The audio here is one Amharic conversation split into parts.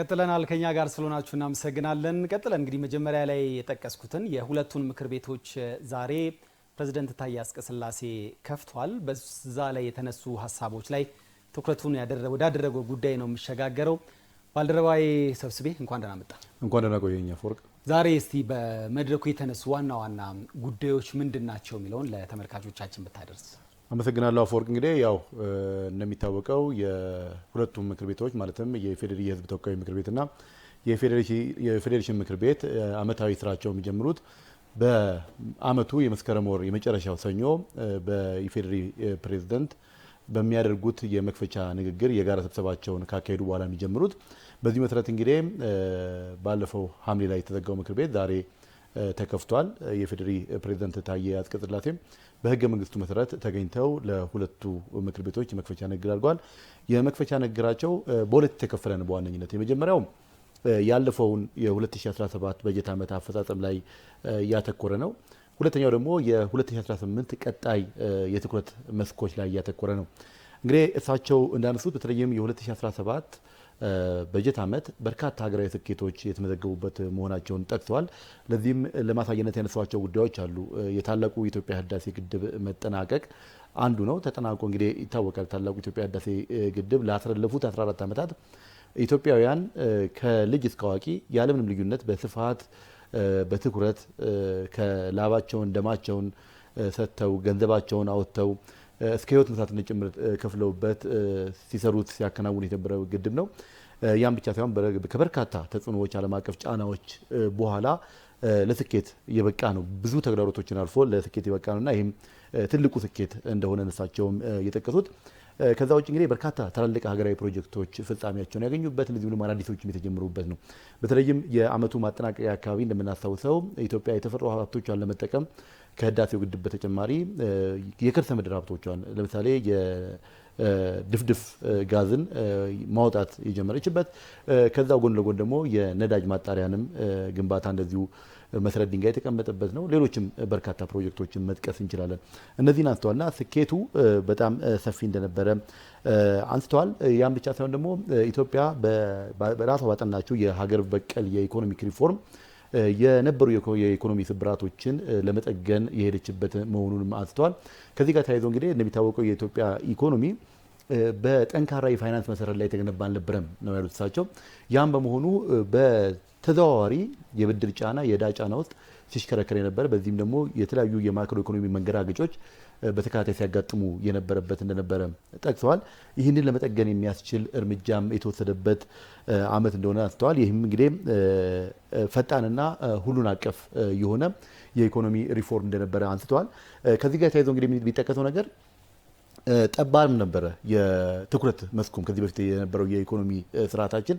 ቀጥለናል። ከኛ ጋር ስለሆናችሁ እናመሰግናለን። ቀጥለን እንግዲህ መጀመሪያ ላይ የጠቀስኩትን የሁለቱን ምክር ቤቶች ዛሬ ፕሬዝደንት ታዬ አጽቀሥላሴ ከፍቷል። በዛ ላይ የተነሱ ሀሳቦች ላይ ትኩረቱን ወዳደረገው ጉዳይ ነው የሚሸጋገረው። ባልደረባዬ ሰብስቤ እንኳን ደህና መጣ። እንኳን ደህና ቆየኝ አፈወርቅ። ዛሬ እስቲ በመድረኩ የተነሱ ዋና ዋና ጉዳዮች ምንድን ናቸው የሚለውን ለተመልካቾቻችን ብታደርስ አመሰግናለሁ አፈወርቅ። እንግዲህ ያው እንደሚታወቀው የሁለቱም ምክር ቤቶች ማለትም የፌዴሪ የህዝብ ተወካዮች ምክር ቤትና የፌዴሬሽን ምክር ቤት አመታዊ ስራቸው የሚጀምሩት በአመቱ የመስከረም ወር የመጨረሻው ሰኞ በኢፌዴሪ ፕሬዝደንት በሚያደርጉት የመክፈቻ ንግግር የጋራ ስብሰባቸውን ካካሄዱ በኋላ የሚጀምሩት። በዚህ መሰረት እንግዲህ ባለፈው ሐምሌ ላይ የተዘጋው ምክር ቤት ዛሬ ተከፍቷል። የፌዴሪ ፕሬዝዳንት ታዬ አጽቀሥላሴም በህገ መንግስቱ መሰረት ተገኝተው ለሁለቱ ምክር ቤቶች የመክፈቻ ንግግር አድርገዋል። የመክፈቻ ንግግራቸው በሁለት የተከፈለ ነው። በዋነኝነት የመጀመሪያው ያለፈውን የ2017 በጀት ዓመት አፈጻጸም ላይ እያተኮረ ነው። ሁለተኛው ደግሞ የ2018 ቀጣይ የትኩረት መስኮች ላይ እያተኮረ ነው። እንግዲህ እሳቸው እንዳነሱት በተለይም የ2017 በጀት ዓመት በርካታ ሀገራዊ ስኬቶች የተመዘገቡበት መሆናቸውን ጠቅሰዋል። ለዚህም ለማሳየነት ያነሷቸው ጉዳዮች አሉ። የታላቁ የኢትዮጵያ ህዳሴ ግድብ መጠናቀቅ አንዱ ነው። ተጠናቆ እንግዲህ ይታወቃል። ታላቁ የኢትዮጵያ ህዳሴ ግድብ ላለፉት 14 ዓመታት ኢትዮጵያውያን ከልጅ እስከ አዋቂ ያለምንም ልዩነት በስፋት በትኩረት ከላባቸውን ደማቸውን ሰጥተው ገንዘባቸውን አወጥተው እስከ ህይወት መስዋዕትነት ጭምር ከፍለውበት ሲሰሩት ሲያከናውን የነበረ ግድብ ነው። ያም ብቻ ሳይሆን ከበርካታ ተጽዕኖዎች፣ ዓለም አቀፍ ጫናዎች በኋላ ለስኬት የበቃ ነው። ብዙ ተግዳሮቶችን አልፎ ለስኬት የበቃ ነውና ይህም ትልቁ ስኬት እንደሆነ እሳቸውም የጠቀሱት ከዛ ውጭ እንግዲህ በርካታ ታላልቅ ሀገራዊ ፕሮጀክቶች ፍጻሜያቸውን ያገኙበት እንደዚህ ብሎ አዳዲሶችም የተጀመሩበት ነው። በተለይም የአመቱ ማጠናቀቂያ አካባቢ እንደምናስታውሰው ኢትዮጵያ የተፈጥሮ ሀብቶቿን ለመጠቀም ከህዳሴው ግድብ በተጨማሪ የከርሰ ምድር ሀብቶቿን ለምሳሌ ድፍድፍ ጋዝን ማውጣት የጀመረችበት ከዛ ጎን ለጎን ደግሞ የነዳጅ ማጣሪያንም ግንባታ እንደዚሁ መሰረት ድንጋይ የተቀመጠበት ነው። ሌሎችም በርካታ ፕሮጀክቶችን መጥቀስ እንችላለን። እነዚህን አንስተዋልና ስኬቱ በጣም ሰፊ እንደነበረ አንስተዋል። ያም ብቻ ሳይሆን ደግሞ ኢትዮጵያ በራሷ ባጠናቸው የሀገር በቀል የኢኮኖሚክ ሪፎርም የነበሩ የኢኮኖሚ ስብራቶችን ለመጠገን የሄደችበት መሆኑንም አንስተዋል። ከዚህ ጋር ተያይዞ እንግዲህ እንደሚታወቀው የኢትዮጵያ ኢኮኖሚ በጠንካራ የፋይናንስ መሰረት ላይ የተገነባ አልነበረም ነው ያሉት እሳቸው። ያም በመሆኑ ተዘዋዋሪ የብድር ጫና የዕዳ ጫና ውስጥ ሲሽከረከር የነበረ በዚህም ደግሞ የተለያዩ የማክሮ ኢኮኖሚ መንገራገጮች በተከታታይ ሲያጋጥሙ የነበረበት እንደነበረ ጠቅሰዋል። ይህንን ለመጠገን የሚያስችል እርምጃም የተወሰደበት አመት እንደሆነ አንስተዋል። ይህም እንግዲህ ፈጣንና ሁሉን አቀፍ የሆነ የኢኮኖሚ ሪፎርም እንደነበረ አንስተዋል። ከዚህ ጋር ተያይዘው እንግዲህ የሚጠቀሰው ነገር ጠባርም ነበረ የትኩረት መስኩም ከዚህ በፊት የነበረው የኢኮኖሚ ስርዓታችን።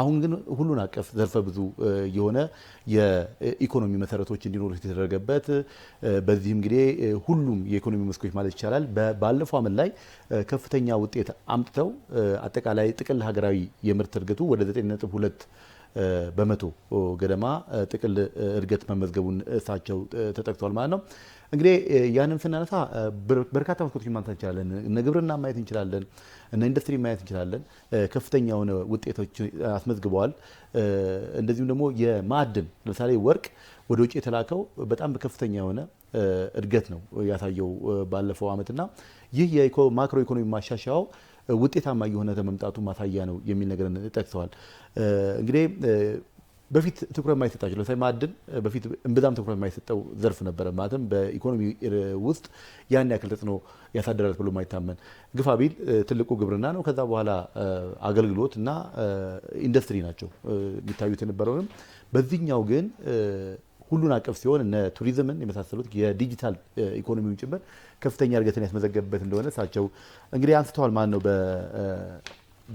አሁን ግን ሁሉን አቀፍ ዘርፈ ብዙ የሆነ የኢኮኖሚ መሰረቶች እንዲኖሩ የተደረገበት በዚህም ጊዜ ሁሉም የኢኮኖሚ መስኮች ማለት ይቻላል ባለፈው ዓመት ላይ ከፍተኛ ውጤት አምጥተው አጠቃላይ ጥቅል ሀገራዊ የምርት እድገቱ ወደ 9.2 በመቶ ገደማ ጥቅል እድገት መመዝገቡን እሳቸው ተጠቅቷል ማለት ነው። እንግዲህ ያንን ስናነሳ በርካታ መስኮቶች ማንሳት እንችላለን። እነ ግብርና ማየት እንችላለን፣ እነ ኢንዱስትሪ ማየት እንችላለን። ከፍተኛ የሆነ ውጤቶች አስመዝግበዋል። እንደዚሁም ደግሞ የማዕድን ለምሳሌ ወርቅ ወደ ውጭ የተላከው በጣም በከፍተኛ የሆነ እድገት ነው ያሳየው ባለፈው ዓመትና ይህ የማክሮ ኢኮኖሚ ማሻሻያው ውጤታማ እየሆነ ተመምጣቱ ማሳያ ነው የሚል ነገር ጠቅሰዋል። እንግዲህ በፊት ትኩረት ማይሰጣቸው ለምሳሌ ማዕድን በፊት እምብዛም ትኩረት ማይሰጠው ዘርፍ ነበረ። ማለትም በኢኮኖሚ ውስጥ ያን ያክል ተጽዕኖ ያሳደራል ብሎ ማይታመን ግፋ ቢል ትልቁ ግብርና ነው። ከዛ በኋላ አገልግሎት እና ኢንዱስትሪ ናቸው የሚታዩት የነበረውንም በዚህኛው ግን ሁሉን አቀፍ ሲሆን እነ ቱሪዝምን የመሳሰሉት የዲጂታል ኢኮኖሚውን ጭምር ከፍተኛ እድገትን ያስመዘገብበት እንደሆነ እሳቸው እንግዲህ አንስተዋል ማለት ነው።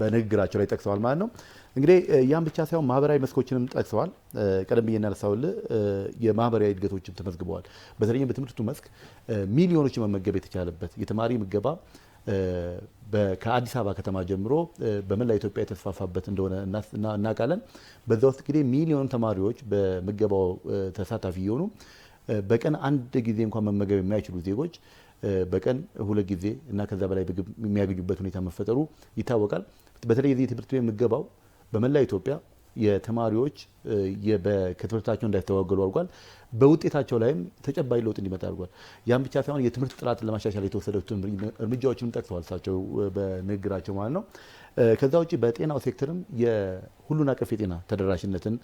በንግግራቸው ላይ ጠቅሰዋል ማለት ነው። እንግዲህ ያን ብቻ ሳይሆን ማህበራዊ መስኮችንም ጠቅሰዋል። ቀደም ብዬ እናነሳውል የማህበራዊ እድገቶችም ተመዝግበዋል። በተለይም በትምህርቱ መስክ ሚሊዮኖች መመገብ የተቻለበት የተማሪ ምገባ ከአዲስ አበባ ከተማ ጀምሮ በመላ ኢትዮጵያ የተስፋፋበት እንደሆነ እናውቃለን። በዛ ውስጥ እንግዲህ ሚሊዮን ተማሪዎች በምገባው ተሳታፊ የሆኑ በቀን አንድ ጊዜ እንኳን መመገብ የማይችሉ ዜጎች በቀን ሁለት ጊዜ እና ከዛ በላይ ምግብ የሚያገኙበት ሁኔታ መፈጠሩ ይታወቃል። በተለይ የዚህ ትምህርት ቤት ምገባው በመላ ኢትዮጵያ የተማሪዎች ከትምህርታቸው እንዳይተዋገሉ አድርጓል። በውጤታቸው ላይም ተጨባጭ ለውጥ እንዲመጣ አድርጓል። ያም ብቻ ሳይሆን የትምህርት ጥራትን ለማሻሻል የተወሰዱትን እርምጃዎችንም ጠቅሰዋል እሳቸው በንግግራቸው ማለት ነው። ከዛ ውጭ በጤናው ሴክተርም የሁሉን አቀፍ የጤና ተደራሽነትን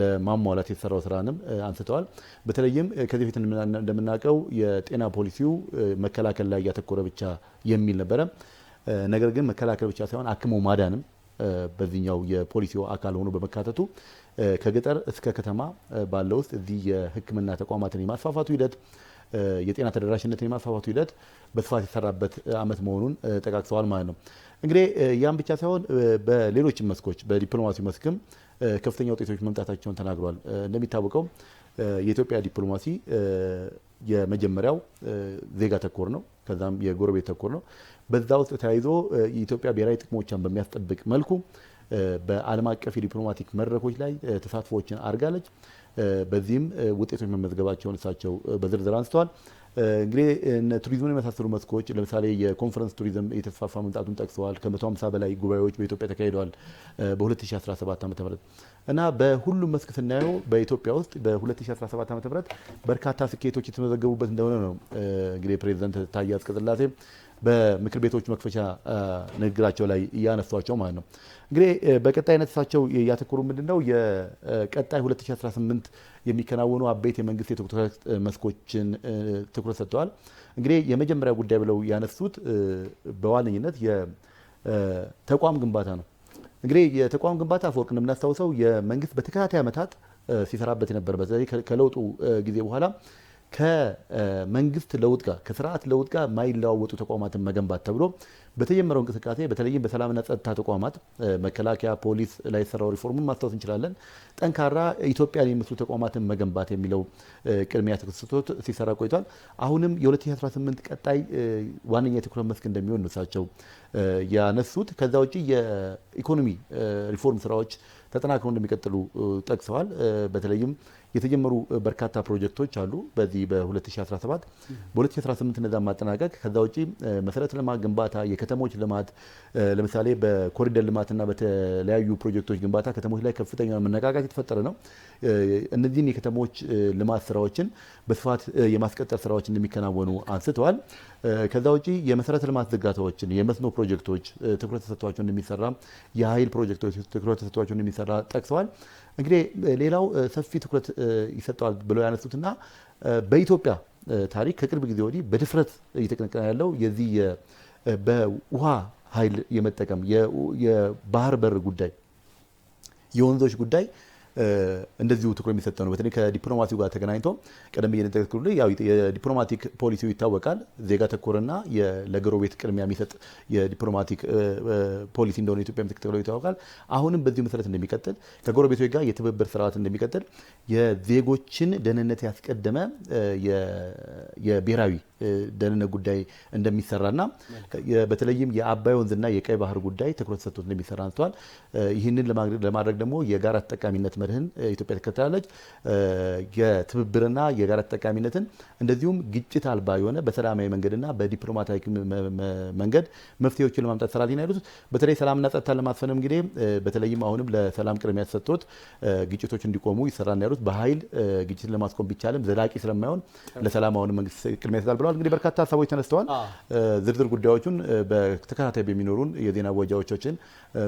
ለማሟላት የተሰራው ስራንም አንስተዋል። በተለይም ከዚህ በፊት እንደምናውቀው የጤና ፖሊሲው መከላከል ላይ እያተኮረ ብቻ የሚል ነበረ። ነገር ግን መከላከል ብቻ ሳይሆን አክሞ ማዳንም በዚህኛው የፖሊሲው አካል ሆኖ በመካተቱ ከገጠር እስከ ከተማ ባለው ውስጥ እዚህ የሕክምና ተቋማትን የማስፋፋቱ ሂደት የጤና ተደራሽነትን የማስፋፋቱ ሂደት በስፋት የተሰራበት አመት መሆኑን ጠቃቅሰዋል ማለት ነው። እንግዲህ ያም ብቻ ሳይሆን በሌሎችም መስኮች በዲፕሎማሲ መስክም ከፍተኛ ውጤቶች መምጣታቸውን ተናግሯል። እንደሚታወቀው የኢትዮጵያ ዲፕሎማሲ የመጀመሪያው ዜጋ ተኮር ነው። ከዛም የጎረቤት ተኮር ነው። በዛ ውስጥ ተያይዞ የኢትዮጵያ ብሔራዊ ጥቅሞቿን በሚያስጠብቅ መልኩ በዓለም አቀፍ የዲፕሎማቲክ መድረኮች ላይ ተሳትፎዎችን አድርጋለች። በዚህም ውጤቶች መመዝገባቸውን እሳቸው በዝርዝር አንስተዋል። እንግዲህ ቱሪዝምን የመሳሰሉ መስኮች ለምሳሌ የኮንፈረንስ ቱሪዝም የተስፋፋ መምጣቱን ጠቅሰዋል። ከ150 በላይ ጉባኤዎች በኢትዮጵያ ተካሂደዋል በ2017 ም እና በሁሉም መስክ ስናየው በኢትዮጵያ ውስጥ በ2017 ም በርካታ ስኬቶች የተመዘገቡበት እንደሆነ ነው እንግዲህ ፕሬዚደንት ታዬ አጽቀሥላሴ በምክር ቤቶች መክፈቻ ንግግራቸው ላይ እያነሷቸው ማለት ነው። እንግዲህ በቀጣይነት እሳቸው ያተኮሩ ምንድን ነው የቀጣይ 2018 የሚከናወኑ አበይት የመንግስት የትኩረት መስኮችን ትኩረት ሰጥተዋል። እንግዲህ የመጀመሪያ ጉዳይ ብለው ያነሱት በዋነኝነት የተቋም ግንባታ ነው። እንግዲህ የተቋም ግንባታ አፈወርቅ እንደምናስታውሰው የመንግስት በተከታታይ ዓመታት ሲሰራበት የነበረ በተለይ ከለውጡ ጊዜ በኋላ ከመንግስት ለውጥ ጋር ከስርዓት ለውጥ ጋር የማይለዋወጡ ተቋማትን መገንባት ተብሎ በተጀመረው እንቅስቃሴ በተለይም በሰላምና ጸጥታ ተቋማት መከላከያ፣ ፖሊስ ላይ የሰራው ሪፎርሙን ማስታወስ እንችላለን። ጠንካራ ኢትዮጵያን የሚመስሉ ተቋማትን መገንባት የሚለው ቅድሚያ ተከስቶት ሲሰራ ቆይቷል። አሁንም የ2018 ቀጣይ ዋነኛ የትኩረት መስክ እንደሚሆን ነው እሳቸው ያነሱት። ከዛ ውጭ የኢኮኖሚ ሪፎርም ስራዎች ተጠናክረው እንደሚቀጥሉ ጠቅሰዋል። በተለይም የተጀመሩ በርካታ ፕሮጀክቶች አሉ። በዚህ በ2017 በ2018 እነዛ ማጠናቀቅ ከዛ ውጪ መሰረተ ልማት ግንባታ፣ የከተሞች ልማት ለምሳሌ በኮሪደር ልማትና በተለያዩ ፕሮጀክቶች ግንባታ ከተሞች ላይ ከፍተኛ መነቃቃት የተፈጠረ ነው። እነዚህን የከተሞች ልማት ስራዎችን በስፋት የማስቀጠል ስራዎች እንደሚከናወኑ አንስተዋል። ከዛ ውጪ የመሰረተ ልማት ዝርጋታዎችን፣ የመስኖ ፕሮጀክቶች ትኩረት ተሰጥቷቸው እንደሚሰራ፣ የኃይል ፕሮጀክቶች ትኩረት ተሰጥቷቸው እንደሚሰራ ጠቅሰዋል። እንግዲህ ሌላው ሰፊ ትኩረት ይሰጠዋል ብለው ያነሱትና በኢትዮጵያ ታሪክ ከቅርብ ጊዜ ወዲህ በድፍረት እየተቀነቀነ ያለው የዚህ በውሃ ኃይል የመጠቀም የባህር በር ጉዳይ የወንዞች ጉዳይ እንደዚሁ ትኩረት የሚሰጠ ነው። በተለይ ከዲፕሎማሲው ጋር ተገናኝቶ ቀደም እየነጠቀስኩ የዲፕሎማቲክ ፖሊሲው ይታወቃል። ዜጋ ተኮርና ቤት ቅድሚያ የሚሰጥ የዲፕሎማቲክ ፖሊሲ እንደሆነ ኢትዮጵያ የምትከተለው ይታወቃል። አሁንም በዚሁ መሰረት እንደሚቀጥል ከጎረቤቶች ጋር የትብብር ስርዓት እንደሚቀጥል የዜጎችን ደህንነት ያስቀደመ የብሔራዊ ደህንነት ጉዳይ እንደሚሰራና በተለይም የአባይ ወንዝና የቀይ ባህር ጉዳይ ትኩረት ሰጥቶት እንደሚሰራ አንስተዋል። ይህንን ለማድረግ ደግሞ የጋራ ተጠቃሚነት መርህን ኢትዮጵያ ትከተላለች የትብብርና የጋራ ተጠቃሚነትን እንደዚሁም ግጭት አልባ የሆነ በሰላማዊ መንገድና በዲፕሎማታዊ መንገድ መፍትሄዎችን ለማምጣት ስራ ያሉት በተለይ ሰላምና ጸጥታ ለማስፈንም ጊዜ በተለይም አሁንም ለሰላም ቅድሚያ ተሰጥቶት ግጭቶች እንዲቆሙ ይሰራና ያሉት በኃይል ግጭትን ለማስቆም ቢቻልም ዘላቂ ስለማይሆን ለሰላም አሁንም መንግስት ቅድሚያ ይሰጣል ብለዋል። እንግዲህ በርካታ ሀሳቦች ተነስተዋል። ዝርዝር ጉዳዮቹን በተከታታይ በሚኖሩን የዜና ወጃዎቻችን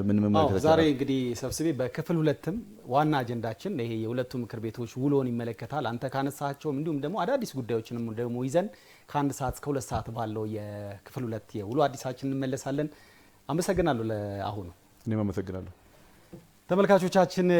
ምን ዛሬ እንግዲህ ሰብስቤ በክፍል ሁለትም ዋና አጀንዳችን ይሄ የሁለቱ ምክር ቤቶች ውሎን ይመለከታል። አንተ ካነሳቸውም እንዲሁም ደግሞ አዳዲስ ጉዳዮችንም ደግሞ ይዘን ከአንድ ሰዓት እስከ ሁለት ሰዓት ባለው የክፍል ሁለት የውሎ አዲሳችን እንመለሳለን። አመሰግናለሁ። ለአሁኑ እኔም አመሰግናለሁ ተመልካቾቻችን።